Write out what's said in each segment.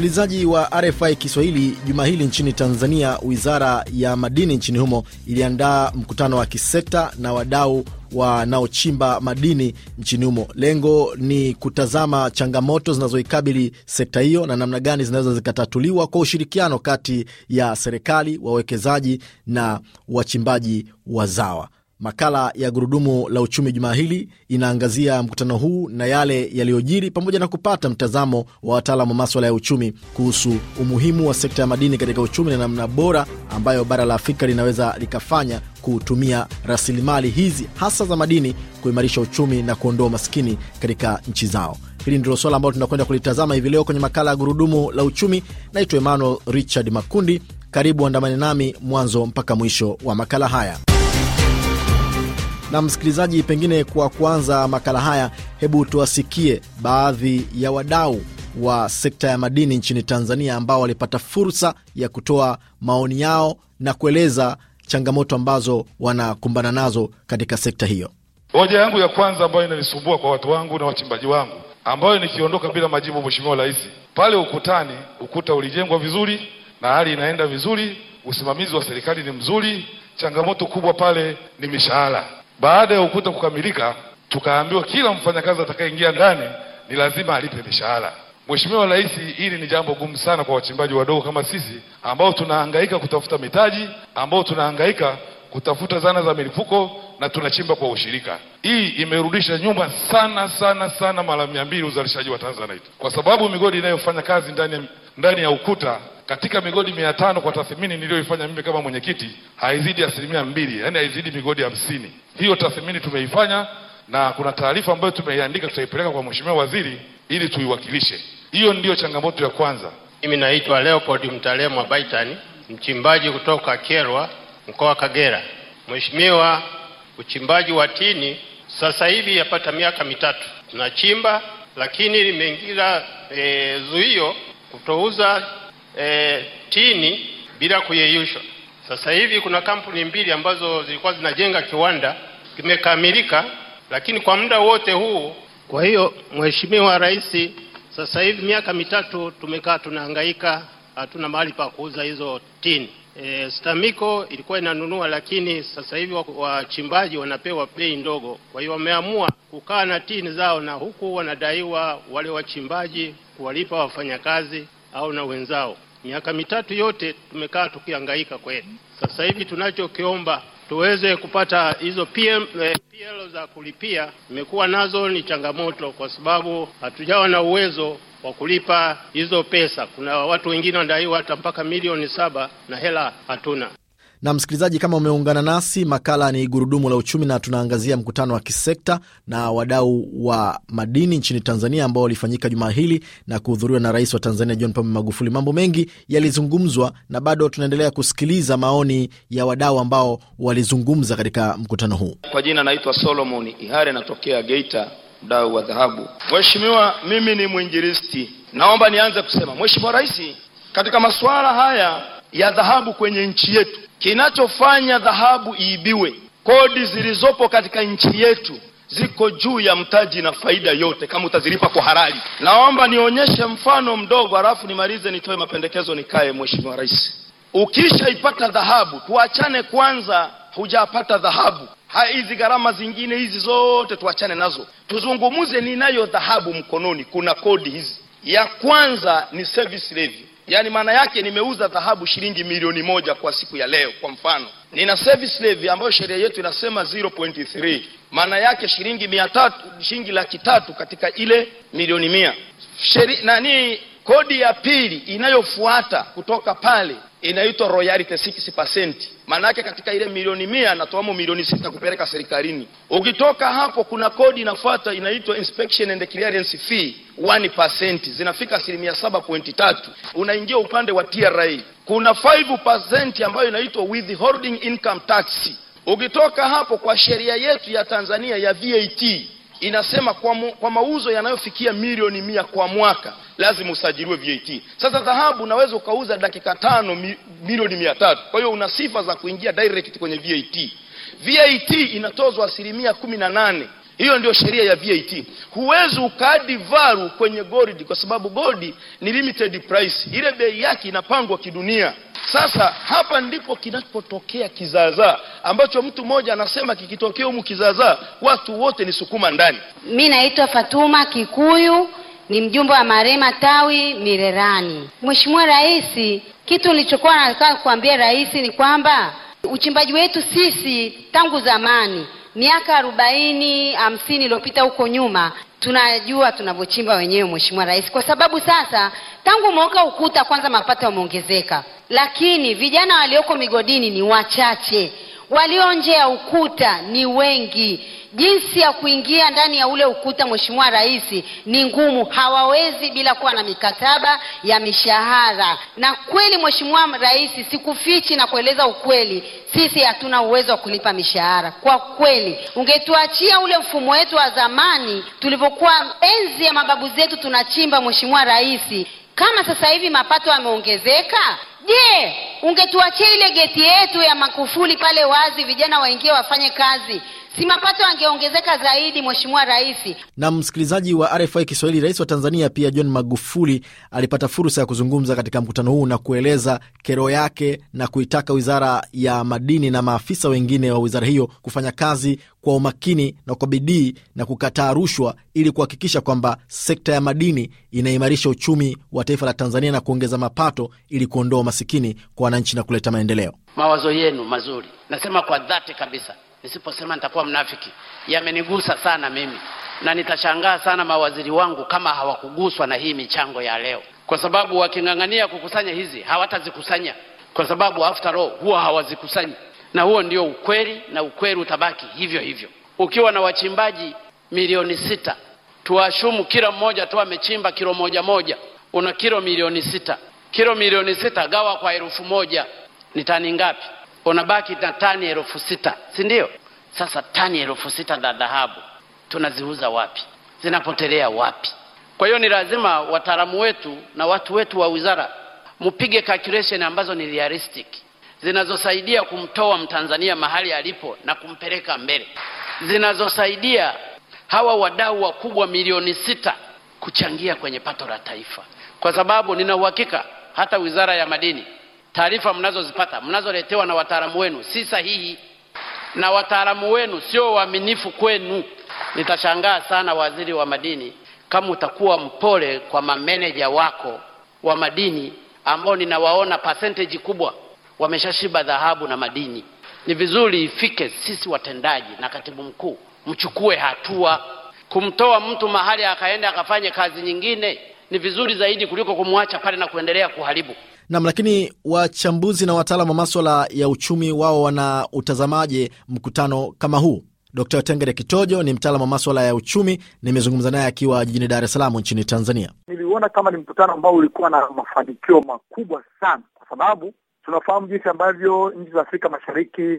Msikilizaji wa RFI Kiswahili, juma hili nchini Tanzania, wizara ya madini nchini humo iliandaa mkutano wa kisekta na wadau wanaochimba madini nchini humo. Lengo ni kutazama changamoto zinazoikabili sekta hiyo na namna gani zinaweza zikatatuliwa kwa ushirikiano kati ya serikali, wawekezaji na wachimbaji wazawa. Makala ya Gurudumu la Uchumi jumaa hili inaangazia mkutano huu na yale yaliyojiri, pamoja na kupata mtazamo wa wataalamu wa maswala ya uchumi kuhusu umuhimu wa sekta ya madini katika uchumi na namna bora ambayo bara la Afrika linaweza likafanya kutumia rasilimali hizi hasa za madini kuimarisha uchumi na kuondoa umaskini katika nchi zao. Hili ndilo suala ambalo tunakwenda kulitazama hivi leo kwenye makala ya Gurudumu la Uchumi. Naitwa Emmanuel Richard Makundi. Karibu andamane nami mwanzo mpaka mwisho wa makala haya. Na msikilizaji, pengine kwa kuanza makala haya, hebu tuwasikie baadhi ya wadau wa sekta ya madini nchini Tanzania ambao walipata fursa ya kutoa maoni yao na kueleza changamoto ambazo wanakumbana nazo katika sekta hiyo. Hoja yangu ya kwanza ambayo inanisumbua kwa watu wangu na wachimbaji wangu, ambayo nikiondoka bila majibu, Mheshimiwa Rais, pale ukutani, ukuta ulijengwa vizuri na hali inaenda vizuri, usimamizi wa serikali ni mzuri. Changamoto kubwa pale ni mishahara. Baada ya ukuta kukamilika, tukaambiwa kila mfanyakazi atakayeingia ndani ni lazima alipe mishahara. Mheshimiwa Rais, hili ni jambo gumu sana kwa wachimbaji wadogo kama sisi ambao tunahangaika kutafuta mitaji, ambao tunahangaika kutafuta zana za milipuko na tunachimba kwa ushirika. Hii imerudisha nyuma sana sana sana mara mia mbili uzalishaji wa Tanzanite, kwa sababu migodi inayofanya kazi ndani, ndani ya ukuta katika migodi mia tano kwa tathmini niliyoifanya mimi kama mwenyekiti haizidi asilimia mbili, yani haizidi migodi hamsini. Hiyo tathmini tumeifanya na kuna taarifa ambayo tumeiandika tutaipeleka kwa mheshimiwa waziri ili tuiwakilishe. Hiyo ndiyo changamoto ya kwanza. Mimi naitwa Leopold Mtalemwa Baitani, mchimbaji kutoka Kyerwa, mkoa wa Kagera. Mheshimiwa, uchimbaji wa tini sasa hivi yapata miaka mitatu tunachimba, lakini limeingia e, eh, zuio kutouza e, tini bila kuyeyushwa. Sasa hivi kuna kampuni mbili ambazo zilikuwa zinajenga kiwanda kimekamilika, lakini kwa muda wote huu. Kwa hiyo Mheshimiwa Rais, sasa hivi miaka mitatu tumekaa tunahangaika, hatuna mahali pa kuuza hizo tini. E, Stamiko ilikuwa inanunua, lakini sasa hivi wachimbaji wanapewa bei ndogo. Kwa hiyo wameamua kukaa na tini zao, na huku wanadaiwa wale wachimbaji kuwalipa wafanyakazi au na wenzao. Miaka mitatu yote tumekaa tukiangaika kweli. Sasa hivi tunachokiomba tuweze kupata hizo PM, eh, PL za kulipia. Imekuwa nazo ni changamoto, kwa sababu hatujawa na uwezo wa kulipa hizo pesa. Kuna watu wengine wanadaiwa hata mpaka milioni saba na hela hatuna. Na msikilizaji, kama umeungana nasi, makala ni gurudumu la uchumi, na tunaangazia mkutano wa kisekta na wadau wa madini nchini Tanzania ambao walifanyika jumaa hili na kuhudhuriwa na Rais wa Tanzania John Pombe Magufuli. Mambo mengi yalizungumzwa na bado tunaendelea kusikiliza maoni ya wadau ambao walizungumza katika mkutano huu. Kwa jina naitwa Solomon Ihare, natokea Geita, mdau wa dhahabu. Mheshimiwa, mimi ni mwinjilisti. Naomba nianze kusema Mheshimiwa Rais, katika masuala haya ya dhahabu kwenye nchi yetu Kinachofanya dhahabu iibiwe, kodi zilizopo katika nchi yetu ziko juu ya mtaji na faida yote, kama utazilipa kwa harari Naomba nionyeshe mfano mdogo, halafu nimalize, nitoe mapendekezo, nikae. Mheshimiwa Rais, ukishaipata dhahabu, tuachane kwanza, hujapata dhahabu hizi gharama zingine hizi zote tuachane nazo, tuzungumuze ninayo dhahabu mkononi. Kuna kodi hizi, ya kwanza ni service levy yaani maana yake nimeuza dhahabu shilingi milioni moja kwa siku ya leo kwa mfano nina service levy ambayo sheria yetu inasema 0.3 maana yake shilingi mia tatu shilingi laki tatu katika ile milioni mia Sheri, nani Kodi ya pili inayofuata kutoka pale inaitwa royalty 6%. Maanake katika ile milioni mia natoamo milioni sita kupeleka serikalini. Ukitoka hapo, kuna kodi inafuata inaitwa inspection and clearance fee 1%, zinafika asilimia 7.3. Unaingia upande wa TRA, kuna 5% ambayo inaitwa withholding income tax. Ukitoka hapo, kwa sheria yetu ya Tanzania ya VAT inasema kwa, mu, kwa mauzo yanayofikia milioni mia kwa mwaka lazima usajiliwe VAT. Sasa dhahabu unaweza ukauza dakika tano mi, milioni mia tatu. Kwa hiyo una sifa za kuingia direct kwenye VAT. VAT inatozwa asilimia kumi na nane. Hiyo ndio sheria ya VAT. Huwezi ukaadi varu kwenye gold kwa sababu gold ni limited price, ile bei yake inapangwa kidunia. Sasa hapa ndipo kinapotokea kizaazaa ambacho mtu mmoja anasema kikitokea humu kizaazaa, watu wote ni sukuma ndani. Mimi naitwa Fatuma Kikuyu, ni mjumbe wa Marema tawi Mirerani. Mheshimiwa Rais, kitu nilichokuwa nataka kuambia rais ni kwamba uchimbaji wetu sisi tangu zamani miaka arobaini hamsini iliyopita huko nyuma tunajua tunavyochimba wenyewe, Mheshimiwa Rais, kwa sababu sasa Tangu umeweka ukuta, kwanza mapato yameongezeka, lakini vijana walioko migodini ni wachache, walio nje ya ukuta ni wengi. Jinsi ya kuingia ndani ya ule ukuta, Mheshimiwa Rais, ni ngumu, hawawezi bila kuwa na mikataba ya mishahara. Na kweli, Mheshimiwa Rais, sikufichi na kueleza ukweli, sisi hatuna uwezo wa kulipa mishahara kwa kweli. Ungetuachia ule mfumo wetu wa zamani tulivyokuwa enzi ya mababu zetu tunachimba, Mheshimiwa Rais, kama sasa hivi mapato yameongezeka, je, ungetuachia ile geti yetu ya Makufuli pale wazi, vijana waingie wafanye kazi? si mapato angeongezeka zaidi, Mheshimiwa Rais. Na msikilizaji wa RFI Kiswahili, Rais wa Tanzania pia John Magufuli alipata fursa ya kuzungumza katika mkutano huu na kueleza kero yake na kuitaka Wizara ya Madini na maafisa wengine wa wizara hiyo kufanya kazi kwa umakini na kwa bidii na kukataa rushwa ili kuhakikisha kwamba sekta ya madini inaimarisha uchumi wa taifa la Tanzania na kuongeza mapato ili kuondoa umasikini kwa wananchi na kuleta maendeleo. Mawazo yenu mazuri, nasema kwa dhati kabisa. Nisiposema nitakuwa mnafiki. Yamenigusa sana mimi, na nitashangaa sana mawaziri wangu kama hawakuguswa na hii michango ya leo, kwa sababu waking'ang'ania kukusanya hizi hawatazikusanya, kwa sababu after all huwa hawazikusanyi, na huo ndio ukweli, na ukweli utabaki hivyo hivyo. Ukiwa na wachimbaji milioni sita, tuwashumu kila mmoja tu amechimba kilo moja moja, una kilo milioni sita. Kilo milioni sita gawa kwa elfu moja ni tani ngapi? unabaki na tani elfu sita si ndio? Sasa tani elfu sita za dhahabu tunaziuza wapi? Zinapotelea wapi? Kwa hiyo ni lazima wataalamu wetu na watu wetu wa wizara mpige calculation ambazo ni realistic zinazosaidia kumtoa Mtanzania mahali alipo na kumpeleka mbele, zinazosaidia hawa wadau wakubwa milioni sita kuchangia kwenye pato la taifa, kwa sababu nina uhakika hata wizara ya madini taarifa mnazozipata mnazoletewa na wataalamu wenu si sahihi, na wataalamu wenu sio waaminifu kwenu. Nitashangaa sana waziri wa madini kama utakuwa mpole kwa mameneja wako wa madini ambao ninawaona percentage kubwa wameshashiba dhahabu na madini. Ni vizuri ifike sisi watendaji na katibu mkuu mchukue hatua. Kumtoa mtu mahali akaenda akafanye kazi nyingine ni vizuri zaidi kuliko kumwacha pale na kuendelea kuharibu. Nam, lakini wachambuzi na wataalam wa maswala ya uchumi wao wana utazamaje mkutano kama huu? Dkt Tengere Kitojo ni mtaalam wa maswala ya uchumi, nimezungumza naye akiwa jijini Dar es Salaam nchini Tanzania. Niliuona kama ni mkutano ambao ulikuwa na mafanikio makubwa sana, kwa sababu tunafahamu jinsi ambavyo nchi za Afrika Mashariki,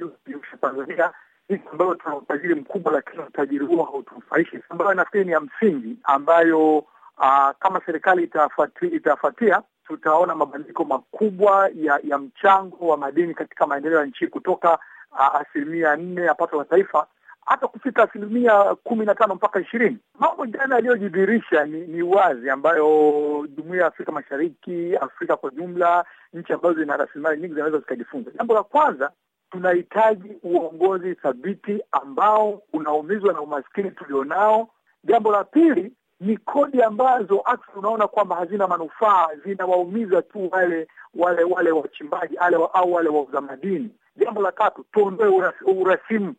Tanzania jinsi ambavyo tuna utajiri mkubwa, lakini utajiri huo hautumfaishi, ambayo nafikiri ni ya msingi ambayo uh, kama serikali itafuatia tutaona mabadiliko makubwa ya, ya mchango wa madini katika maendeleo ya nchi kutoka uh, asilimia nne ya pato la taifa hata kufika asilimia kumi na tano mpaka ishirini. Mambo jana yaliyojidhirisha ni, ni wazi ambayo jumuiya ya Afrika Mashariki, Afrika kwa jumla, nchi ambazo zina rasilimali nyingi zinaweza zikajifunza. Jambo la kwanza, tunahitaji uongozi thabiti ambao unaumizwa na umaskini tulionao. Jambo la pili, ni kodi ambazo hata unaona kwamba hazina manufaa, zinawaumiza tu wale wale wale wachimbaji au wale wauza madini. Jambo la tatu, tuondoe urasimu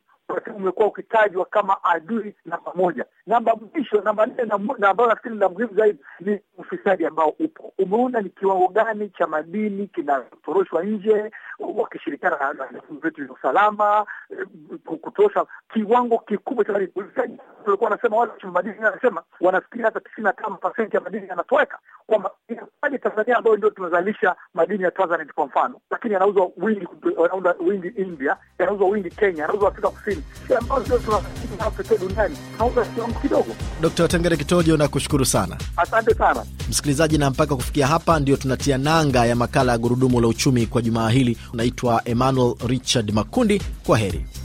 umekuwa ukitajwa kama adui namba moja. Namba mwisho, namba nne, na ambayo nafikiri la muhimu zaidi ni ufisadi ambao upo. Umeona ni kiwango gani cha madini kinatoroshwa nje, wakishirikiana na vitu vya usalama eh, kutosha, kiwango kikubwa cha madini. Tulikuwa wanasema wale wachuma madini, anasema wanafikiri hata tisini na tano pasenti ya madini yanatoweka, kwamba inakuwaje Tanzania ambayo ndio tunazalisha madini ya Tanzania kwa mfano, lakini yanauzwa wingi, wingi India, yanauzwa wingi Kenya, yanauzwa Afrika Kusini. Brazil ambazo ndio tunawakilisha pekee duniani, kiwango kidogo. Dkt. Tengere Kitojo, nakushukuru sana, asante sana msikilizaji. Na mpaka kufikia hapa, ndio tunatia nanga ya makala ya Gurudumu la Uchumi kwa jumaa hili. Unaitwa Emmanuel Richard Makundi, kwa heri.